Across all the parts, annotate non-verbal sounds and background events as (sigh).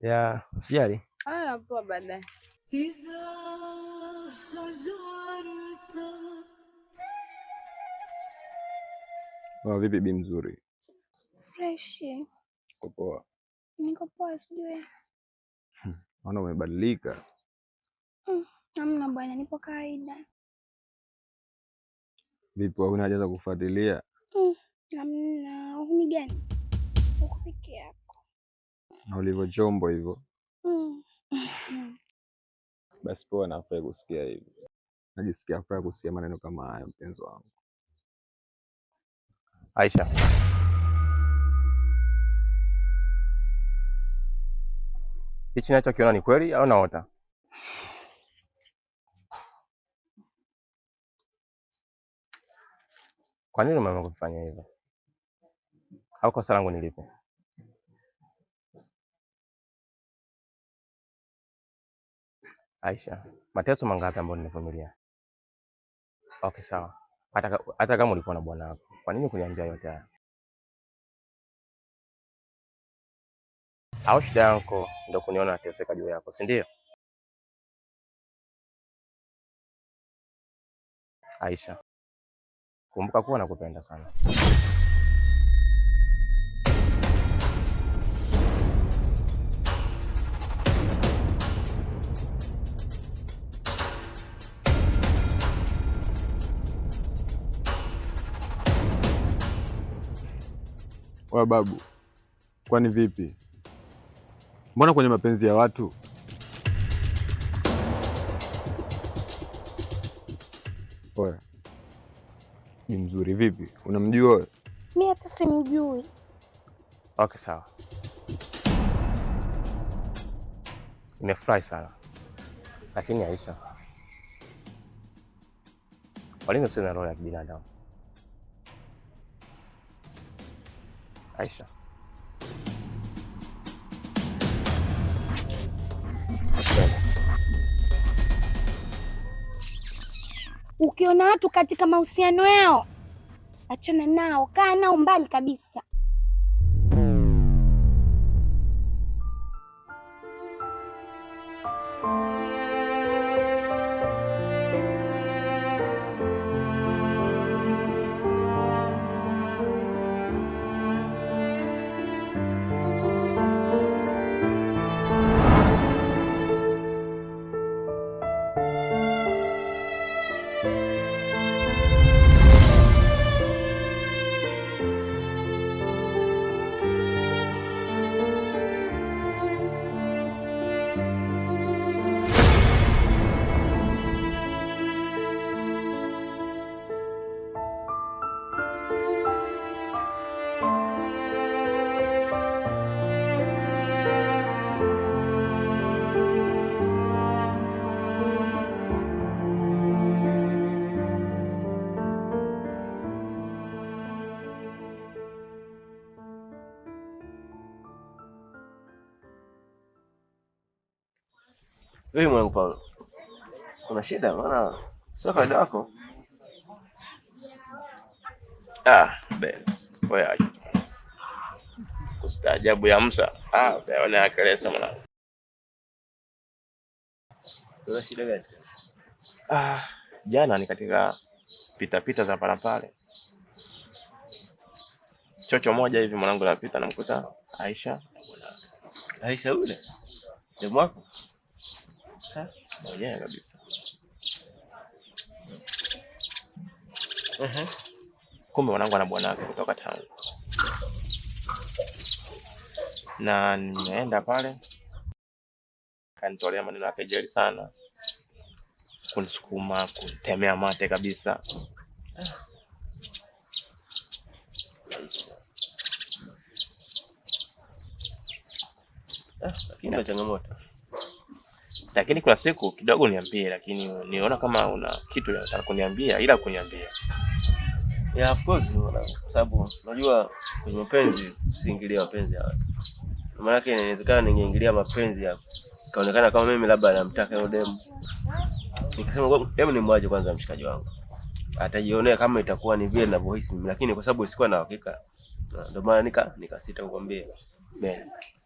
ya sijali haya poa, baadaye Vipi bi mzuri? Fresh. Niko poa? Niko poa, sijui hmm, naona umebadilika. Hmm, hamna bwana, nipo kawaida. Vipi, huna haja za kufuatilia? Hmm, hamna. huni gani? na chombo hivyo. (laughs) Basi poa, nafurahi kusikia hivi, najisikia furaha kusikia maneno kama haya, mpenzi wangu Aisha. Hichi nachokiona ni kweli au naota? Kwa nini mama kufanya hivyo? Au kosa langu nilipo? Aisha, mateso mangapi ambayo nimevumilia? Okay, sawa. Hata hata kama ulikuwa na bwana wako, kwa nini kuniambia yote haya? Au shida yako ndio kuniona nateseka juu yako, si ndio? Aisha, kumbuka kuwa nakupenda sana. Wa babu, kwani vipi? Mbona kwenye mapenzi ya watu oya, ni mzuri vipi? Unamjua Mi hata simjui. Okay, sawa. Nimefurahi sana lakini Aisha, kwa nini usio na roho ya kibinadamu? Aisha. Ukiona watu katika mahusiano yao, achana nao, kaa nao mbali kabisa. Wewe mwanangu Paulo, kuna shida? Maana sio kawaida yako. Ah, Ben wewe kustaajabu ya Musa ah, utaona akalesa mwanangu. Kuna shida gani? Ah, jana ni katika pita pita za pale. chocho moja hivi mwanangu, napita namkuta Aisha. Aisha ule? jamaa wako mwenyewe kabisa. Mm-hmm. Kumbe mwanangu ana bwana wake kutoka tangu, na nimeenda pale kanitolea maneno ya kejeli sana, kunisukuma kunitemea mate kabisa. Ah. Ah. Changamoto lakini kuna siku kidogo niambie, lakini niona kama una kitu unataka kuniambia, ila kuniambia yeah, of course, kwa sababu unajua kwenye mapenzi usiingilie mapenzi ya watu. Maana yake inawezekana ningeingilia mapenzi ya kaonekana kama mimi labda namtaka yule demu, nikasema demu ni mwaje kwanza, mshikaji wangu atajionea kama itakuwa ni vile ninavyohisi mimi, lakini kwa sababu sikuwa na uhakika. ndio maana nika nikasita kukwambia.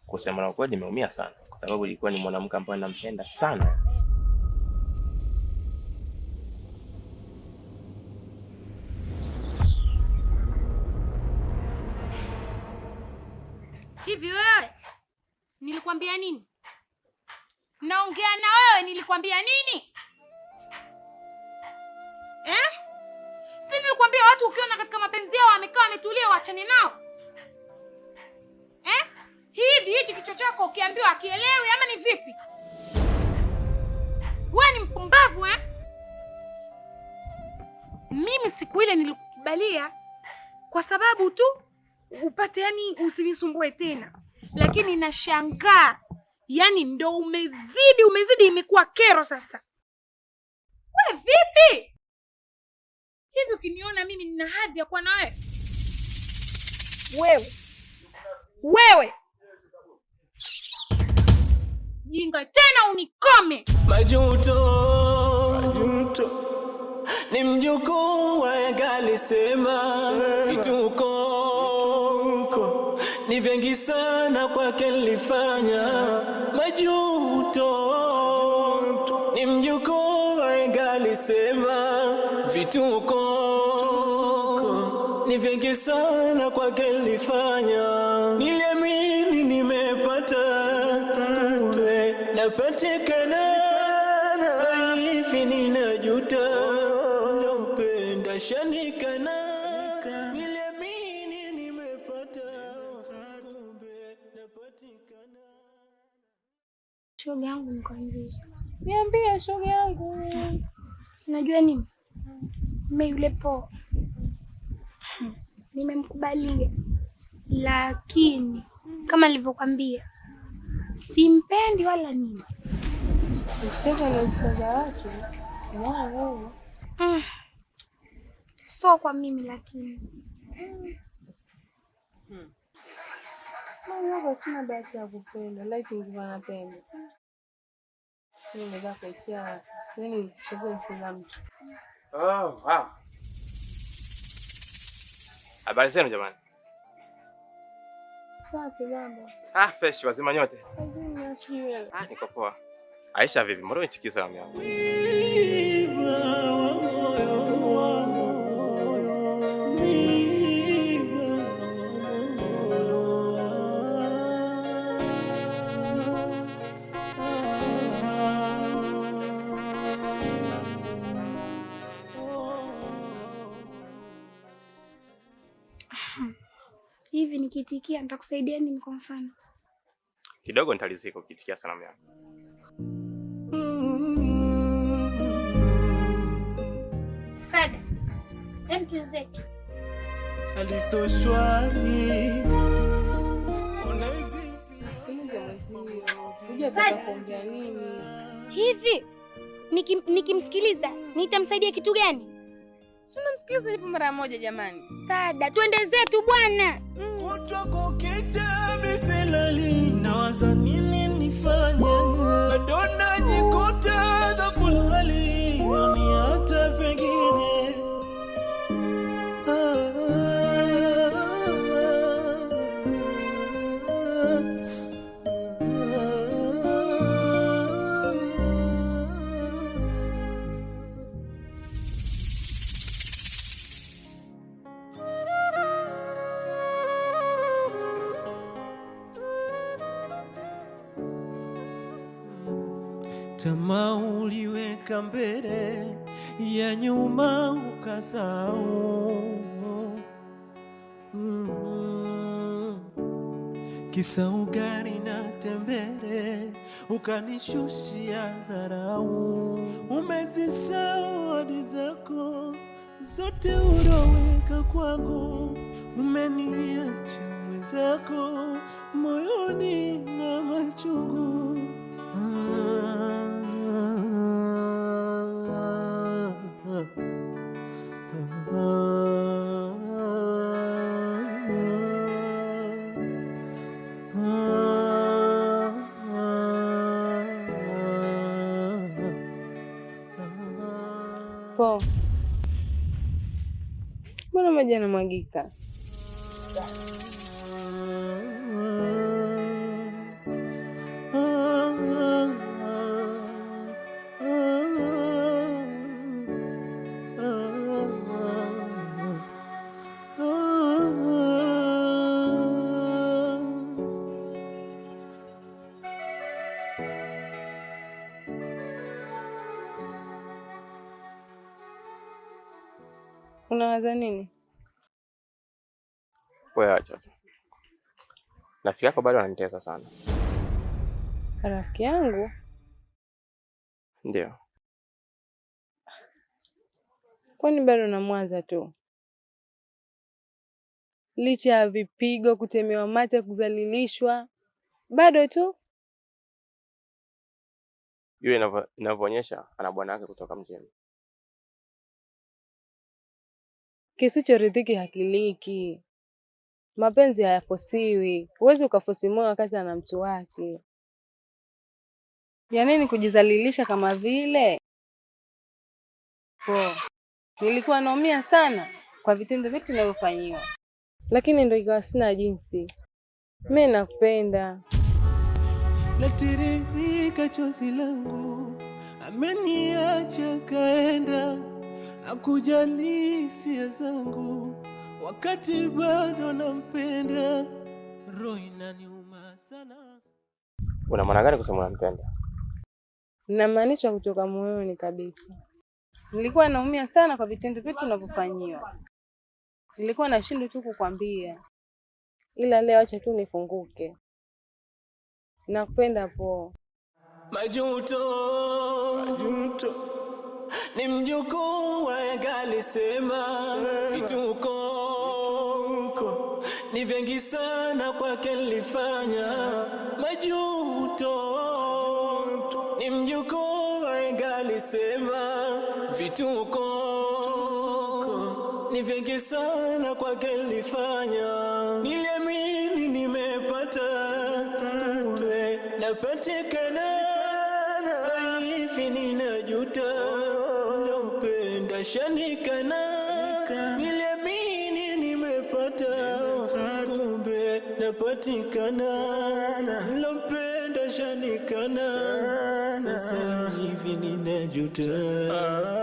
Kusema na kweli, nimeumia sana kwa sababu ilikuwa ni mwanamke ambaye nampenda sana. Hivi wewe nilikwambia nini? Naongea na wewe nilikwambia nini eh? Si nilikwambia watu ukiona katika mapenzi yao wamekaa wametulia, waachane nao msikiti kichwa chako ukiambiwa akielewi ama ni vipi? Wewe ni mpumbavu eh? Mimi siku ile nilikukubalia kwa sababu tu upate, yani usinisumbue tena, lakini nashangaa, yani ndo umezidi, umezidi, imekuwa kero sasa. We vipi hivi, ukiniona mimi nina hadhi ya kuwa na wewe? Wewe wewe ujinga tena unikome. Majuto, majuto ni mjukuu wa galisema, vituko ni vingi sana kwake nilifanya. Majuto ni mjukuu wa galisema, vituko ni vingi sana kwake nilifanya safi, ninajuta lompenda shanikana Shoga yangu nikwambie. Niambie shoga yangu. najua nini? Mimi yule po nimemkubalia, lakini kama nilivyokwambia simpendi wala nini Ah. So kwa mimi lakini hmm. Mama sina bahati ya kupenda laiti nilikuwa napenda nikaisia sini cheza mtu. Oh, wow. Habari zenu jamani. Safi mambo. Ah, fresh wazima nyote. Ah, niko poa. Aisha, vipi? Mbona unichikiza damu Hivi nikiitikia nitakusaidia nini? Kwa mfano kidogo nitalizika, ukiitikia sanamu yangu Sada, hivi nikimsikiliza nitamsaidia kitu gani? Sinamsikiliza mara moja jamani. Sada, twende zetu bwana nilifanya, ndo najikuta dhaful hali Tamaa uliweka mbele ya nyuma ukasahau, mm. Kisa ugali na tembele ukanishushia dharau. Umezisahau ahadi zako zote uloweka kwangu, umeniacha mwenzako moyoni na machungu Bueno, me lleno maguita. Unawaza nini? Wewe acha tu. Rafiki yako bado ananitesa sana. Rafiki yangu? Ndio. Kwani bado namwaza tu? Licha ya vipigo, kutemewa mate, kuzalilishwa bado tu yule inavyoonyesha ana bwana wake kutoka mjini. Kisichoridhiki hakiliki. Mapenzi hayafosiwi, huwezi ukafosi moyo wakati ana mtu wake. Ya nini kujizalilisha kama vile? Po, nilikuwa naumia sana kwa vitendo vyote vinavyofanyiwa, lakini ndo ikawa sina jinsi. Mimi nakupenda. Latiririka chozi langu, ameniacha kaenda hakujali hisia zangu, wakati bado nampenda. Roho inaniuma sana. Una maana gani kusema unampenda? Namaanisha kutoka moyoni kabisa. Nilikuwa naumia sana kwa vitendo vyote unavyofanyiwa, nilikuwa nashindwa tu kukwambia, ila leo acha tu nifunguke. Nakupenda po majuto, majuto ni mjukuu wa gali sema Vituko ni vingi sana, kwake nilifanya majuto. Ni mjukuu wa gali sema Vituko ni vingi sana, kwake nilifanya niliamini nimepata, napatika Nimeshanikana, niliamini nimepata, kumbe napatikana, nilompenda shanikana, sasa hivi ninajuta.